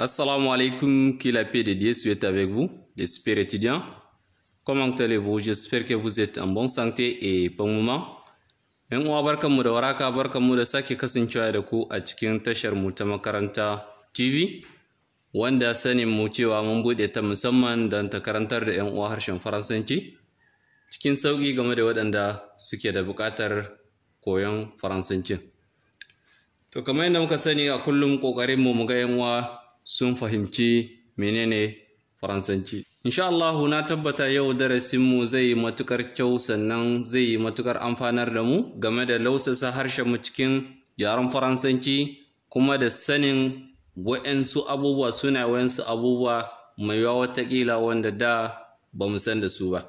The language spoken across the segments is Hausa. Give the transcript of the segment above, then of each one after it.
Assalamu alaikum, que la paix de Dieu soit avec vous, l'esprit étudiant. Comment allez-vous? J'espère que vous êtes en bonne santé et bon moment. ‘Yan uwa barkanmu da waraka barkanmu da sake kasancewa da ku a cikin tashar mu ta makaranta TV, wanda sanin mu cewa mun buɗe ta musamman don ta karantar da ‘yan uwa harshen Faransanci, cikin sauƙi game da waɗanda suke da buƙatar koyon Faransancin. To, kamar yadda muka sani a kullum ƙoƙarinmu mu ga ‘yan uwa sun fahimci menene faransanci insha Allah na tabbata yau darasinmu zai yi matukar kyau sannan zai yi matukar amfanar da mu game da lausasa harshen mu cikin yaren faransanci kuma da sanin wa'yansu abubuwa suna wa'yansu abubuwa mai yawa watakila wanda da ba mu san da su ba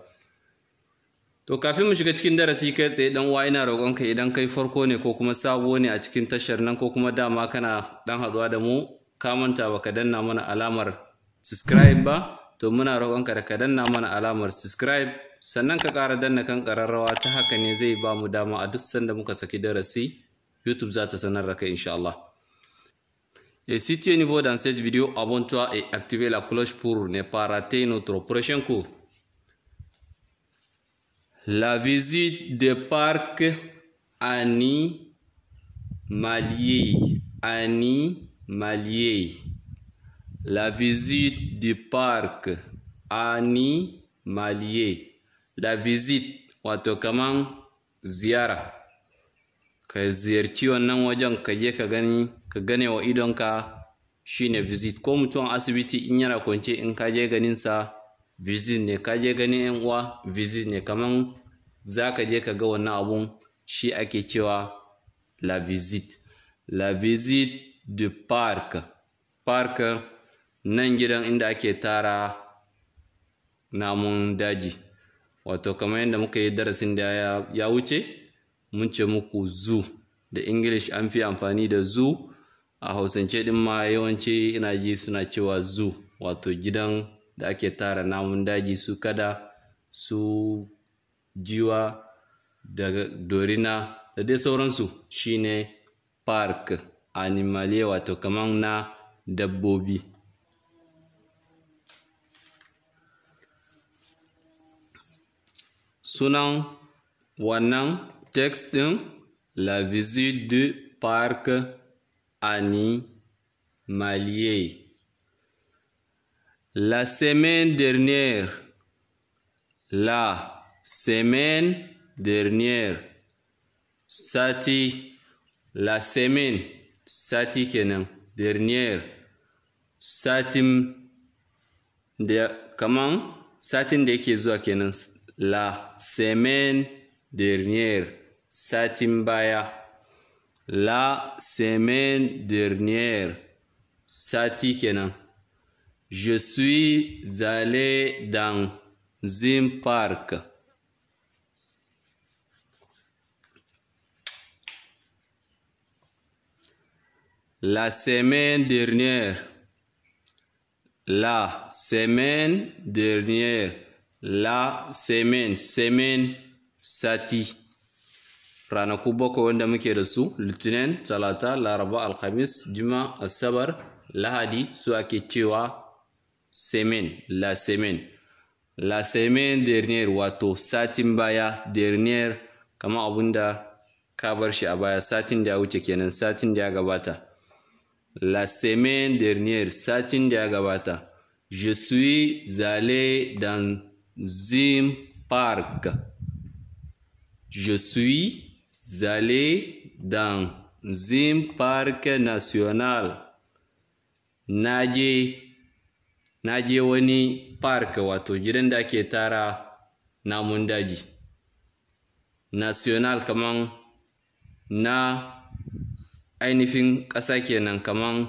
to kafin mu shiga cikin darasi kai tsaye dan uwa ina roƙonka idan kai farko ne ko kuma sabo ne a cikin tashar nan ko kuma dama kana dan haɗuwa da mu ka manta ba ka danna mana alamar subscribe ba to muna roƙonka da ka danna mana alamar subscribe sannan ka ƙara danna kan ƙararrawa ta haka ne zai ba mu dama a duk sanda muka saki darasi YouTube za ta sanar da kai insha Allah. Et si tu es nouveau dans cette vidéo, abonne-toi et active la cloche pour ne pas rater notre prochain cours. La visite des parcs Annie Malier. Annie Malier. La visite du parc animalier. La visite wato kaman ziyara. Ka ziyarci wannan wajen ka je ka gani ka gane wa idonka shine visit ko mutum asibiti in yana kwance in ka je ganin sa visit ne ka je ganin yan uwa visit ne kaman zaka je ka ga wannan abun shi ake cewa la visit. La visite. the parc park nan gidan inda ake tara namun daji wato kamar yadda muka yi darasin da ya, ya wuce mun ce muku zoo da english an fi amfani da zoo a hausance din ma yawanci ina ji suna cewa zoo wato gidan da ake tara namun daji su kada su jiwa da dorina da dai sauransu shine park animalier wato kaman na dabbobi sunan text la visite du parc animalier la semaine dernière la semaine dernière sati la semaine sati kenan dernier satin da kaman satin da yake zuwa kenan la semaine dernière satin baya la semaine dernière sati kenan je suis allé dans un parc La semaine dernière. La semaine dernière. La semaine. Semaine sati. Ranaku bakwai wanda muke da su Litinin, Talata, Laraba, Alkhamis, Juma, Asabar, Lahadi su ake cewa semen, la semen. La semen dernière, wato satin baya dernière, kama abunda ka bar shi a baya satin da ya wuce kenan satin da ya gabata. La semaine dernière, satin je suis allé dans Zim Park. Je suis allé dans Zim Park national. Nadie, Nadie park wato Jirenda namundaji. Namundadi National kaman na ainihin ƙasa kenan kaman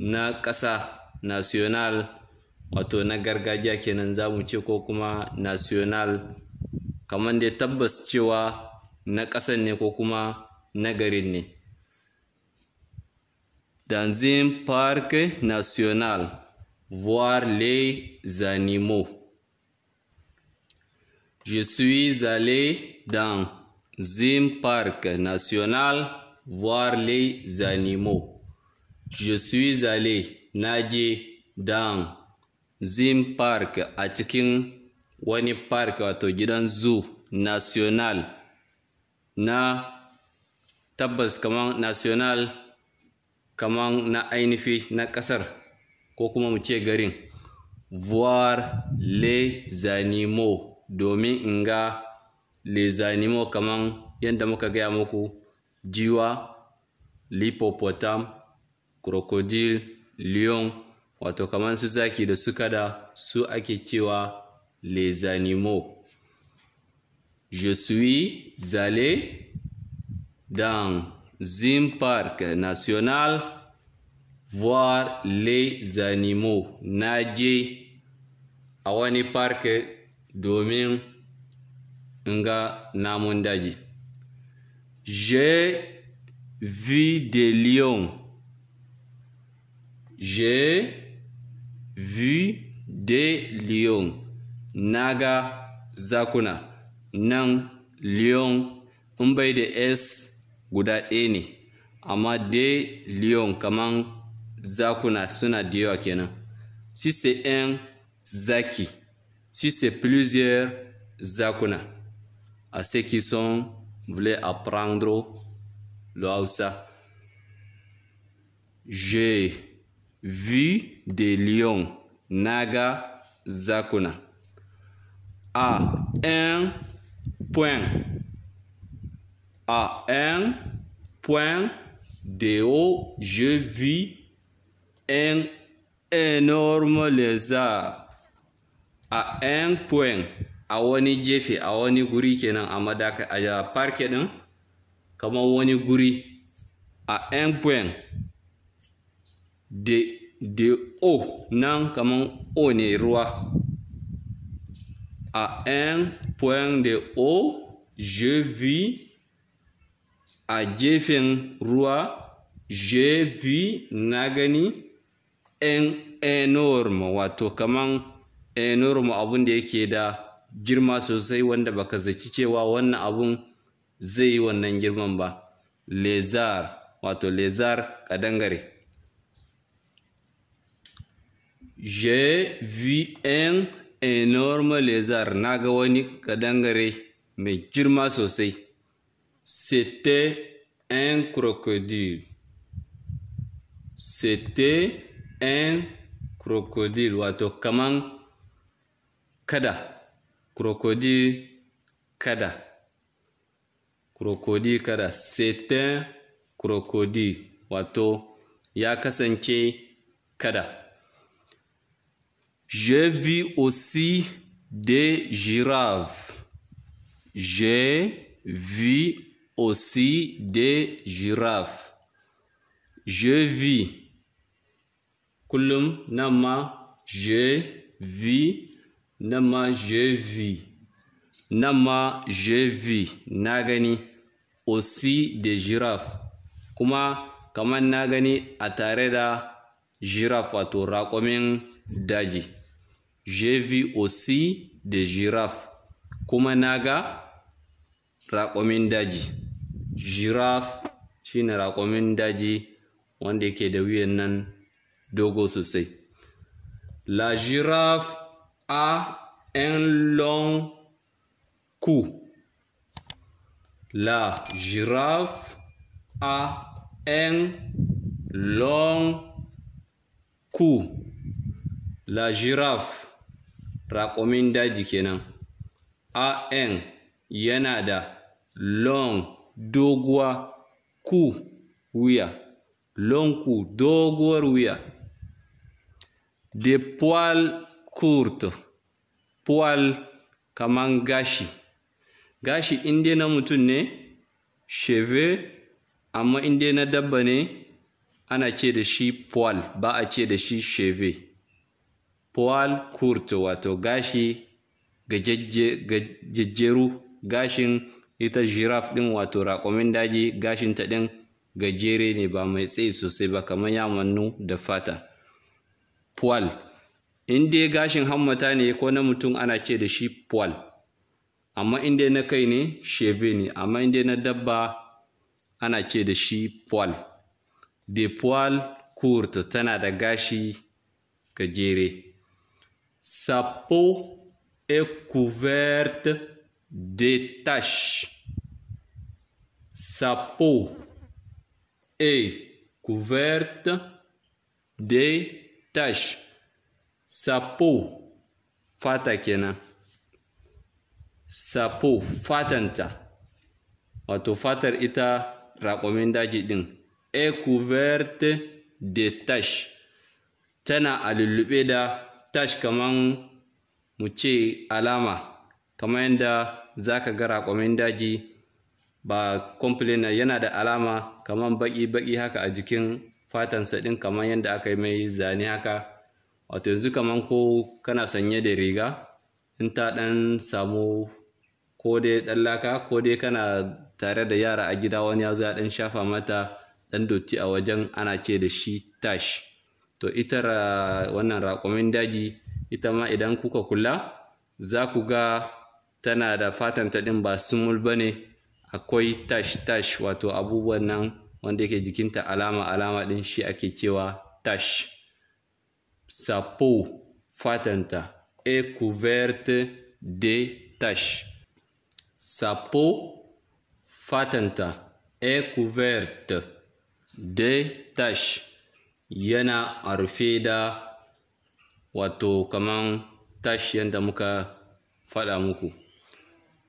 na ƙasa national wato na gargajiya kenan za mu ce ko kuma national kaman da tabbas cewa na ƙasan ne ko kuma na garin ne dans un parc national voir les animaux. Je suis allé dans un parc national voir les animaux. Je suis allé naje dans Zim Park a cikin wani park wato gidan zoo national na tabbas kaman national kaman na ainihi na kasar ko kuma mu ce garin voir les animaux domin in ga les animaux kaman yadda muka gaya muku jiwa, l'hippopotame, crocodile, lion, wato de su zaki da su su ake cewa les animaux. Je suis allé dans Zim Park national voir les animaux. Naji Awani park domin J'ai vu des lions. J'ai vu des lions. Naga zakuna. Nan lion in bai da S guda ɗaya ne, amma de lion kaman zakuna suna da yawa kenan. Si c'est un zaki, si c'est plusieurs zakuna. a ceux qui sont voulez apprendre le Hausa. J'ai vu des lions Naga Zakuna à un point à un point de haut je vis un énorme lézard à un point a wani jefe a wani guri kenan a madaka a parke din kamar wani guri a endpoint da o nan kamar o ne ruwa a un point de o je vi a Jeffin ruwa je vi na gani un énorme, wato kamar énorme abin da yake da girma sosai wanda baka zaci cewa wannan abun zai yi wannan girman ba lezar wato lezar kadangare je vi un enorme lezar na ga wani kadangare mai girma sosai sete un crocodile sete en crocodile wato kaman kada Crocodile Kada. Crocodile Kada. C'est un crocodile. Wato ya kada. je vu aussi des girafes. J'ai vu aussi des girafes. Je vis. Kulum nama je vis nan ma je ma je na gani osi de shiraf kuma kamar na gani a tare da shiraf wato raƙumin daji je osi da de kuma na ga rakomin daji shi shine rakomin daji wanda yake da wuyan nan dogo sosai la shiraf. A un long cou. La girafe a un long cou. La girafe rakomin daji kenan. A en yana da long doguwa ku wuya. Long ku doguwar wuya. De poil kurto puwal kaman gashi gashi in na mutum ne sheve amma in na dabba ne ana ce da shi puwal ba a ce da shi sheve puwal kurto wato gashi gajejjeru gashin ita giraffe din wato raƙumin daji ta ɗin gajere ne ba mai tsayi sosai ba kamar yamannu da fata puwal in dai gashin hammata ne ko na mutum ana ce da shi poil amma in dai na kai ne sheve ne amma in dai na dabba ana ce da shi poil de poil court tana da gashi gajere sa peau est de taches sa peau est de taches sapo fata kenan sapo fatanta wato fatar ita raƙumin daji ɗin e couverte de tash tana a lullube da tash kaman mu ce alama kamar yadda za ka ga raƙumin daji ba complainer yana da alama kaman baƙi-baƙi haka a jikin fatansa ɗin kaman yadda aka yi mai zane haka wato yanzu kamar ko kana sanye da riga in ta ɗan samu ko dai ɗan laka ko dai kana tare da yara a gida wani ya zo ya ɗan shafa mata ɗan dotti a wajen ana ce da shi tash to ita wannan raƙumin daji ita ma idan kuka kula za ku ga tana da fatan ta ɗin ba sumul ba ne akwai tash tash wato abubuwan nan wanda yake jikinta alama alama ɗin shi ake cewa tash Sa peau fatanta est couverte de taches. Sa peau fatanta est couverte de taches. Yana wato muka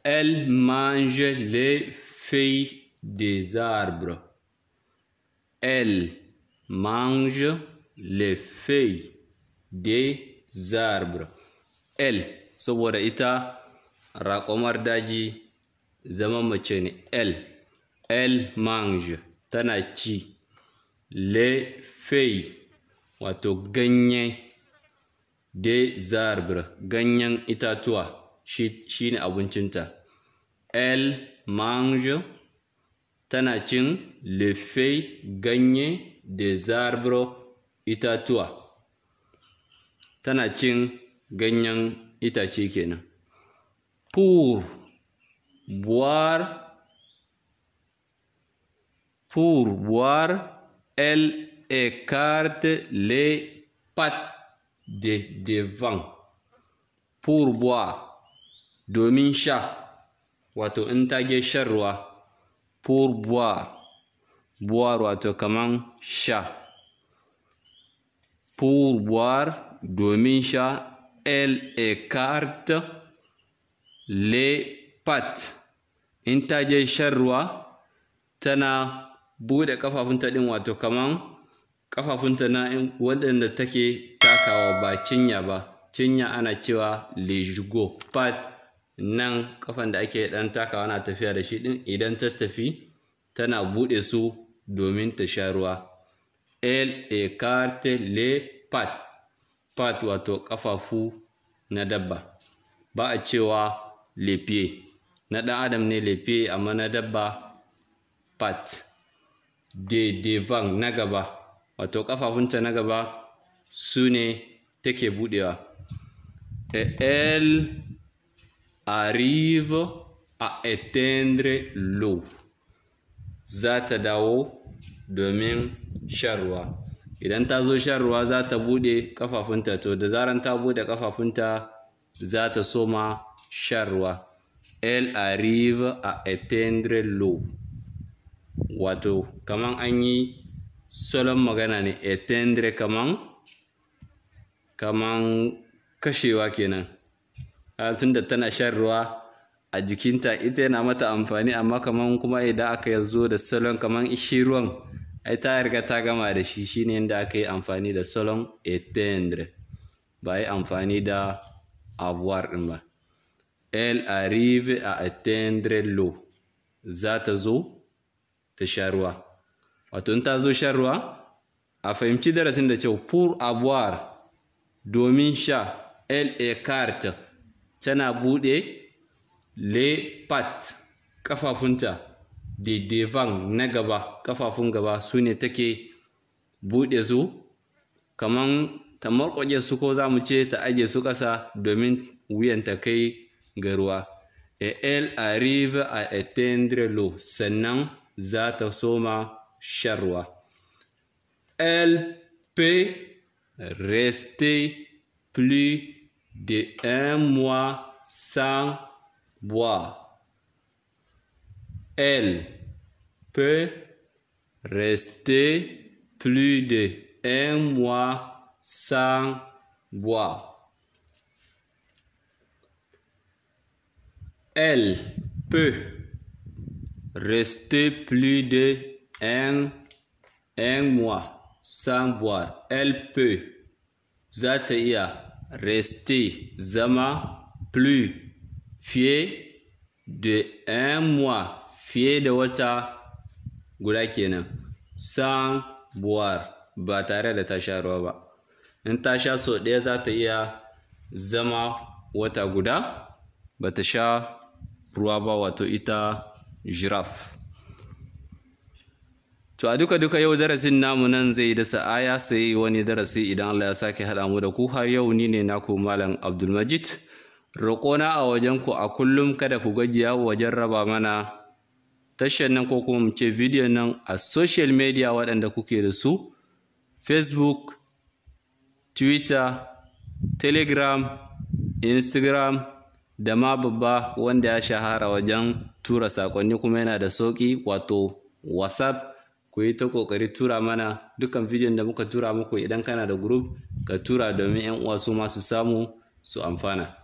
Elle mange les feuilles des arbres. Elle mange les feuilles des l El saboda ita raƙumar daji zama mace ne el L mange tana ci le fei wato ganye ganyen itatuwa shi, shi ne abincinta l mange tana cin le fei ganye de itatuwa tana cin ganyen itace kenan pur buwar, pour buwar, elle écarte le, pat, de devant pour buwar, domin sha wato in tage shan ruwa buwar boire wato kaman sha pour buwar. domin sha elle écarte les pattes in ta je shan ruwa tana buɗe kafafunta ɗin wato kaman kafafunta na waɗanda take takawa ba cinya ba cinya ana cewa lejugo Pat nan kafan da ake ɗan takawa na tafiya da shi ɗin idan ta tafi tana buɗe su domin ta sha ruwa elle écarte les pattes part wato ƙafafu na dabba ba a cewa lefiye na ɗan adam ne lefiye amma na dabba part dedevan na gaba wato ƙafafunta na gaba su ne take buɗewa e el arrive a éteindre l'eau za ta dawo domin shan ruwa idan ta zo shan ruwa za ta buɗe ƙafafunta to da zaran ta buɗe kafafunta za ta soma shan ruwa elle arrive a éteindre l'eau wato kaman an yi salon magana ne éteindre kaman kaman kashewa kenan tunda tana shan ruwa a jikinta ita yana mata amfani amma kaman kuma idan aka yanzu da salon kaman ishi ruwan ai ta riga ta gama da shi shine yadda aka yi amfani da salon etendre ba yi amfani da avoir din ba el arrive a etendre lo za ta zo ta sharuwa? ruwa wato in ta zo sharuwa a fahimci darasin da cewa pour avoir domin sha el écarte tana buɗe le pat ƙafafunta de na gaba kafafun gaba su take buɗe su kaman ta marƙwaje su ko za mu ce ta aje su ƙasa domin wuyan ta kai ga et elle arrive à éteindre l'eau senan za ta soma shan elle peut rester plus de un mois sans boire elle peut rester plus de un mois sans boire. Elle peut rester plus de un, mois sans boire. Elle peut rester zama plus fier de un mois fiye da wata guda kenan san buwar ba tare da ta sha ruwa ba in ta sha sau ɗaya za ta iya zama wata guda ba ta sha ruwa ba wato ita jiraf to a duka duka yau darasin namu nan zai dasa aya sai wani darasi idan Allah ya sake haɗa mu da ku har yau ni ne naku malam Abdulmajid roƙona a wajen ku a kullum kada ku gajiya wajen raba mana tashar nan ko kuma mu ce video nan a social media waɗanda kuke da su facebook twitter telegram instagram da ma babba wanda ya shahara wajen tura saƙonni kuma yana da sauƙi wato whatsapp ku yi ta ƙoƙari tura mana dukkan bidiyon da muka tura muku idan kana da group ka tura domin 'yan uwa su masu samu su amfana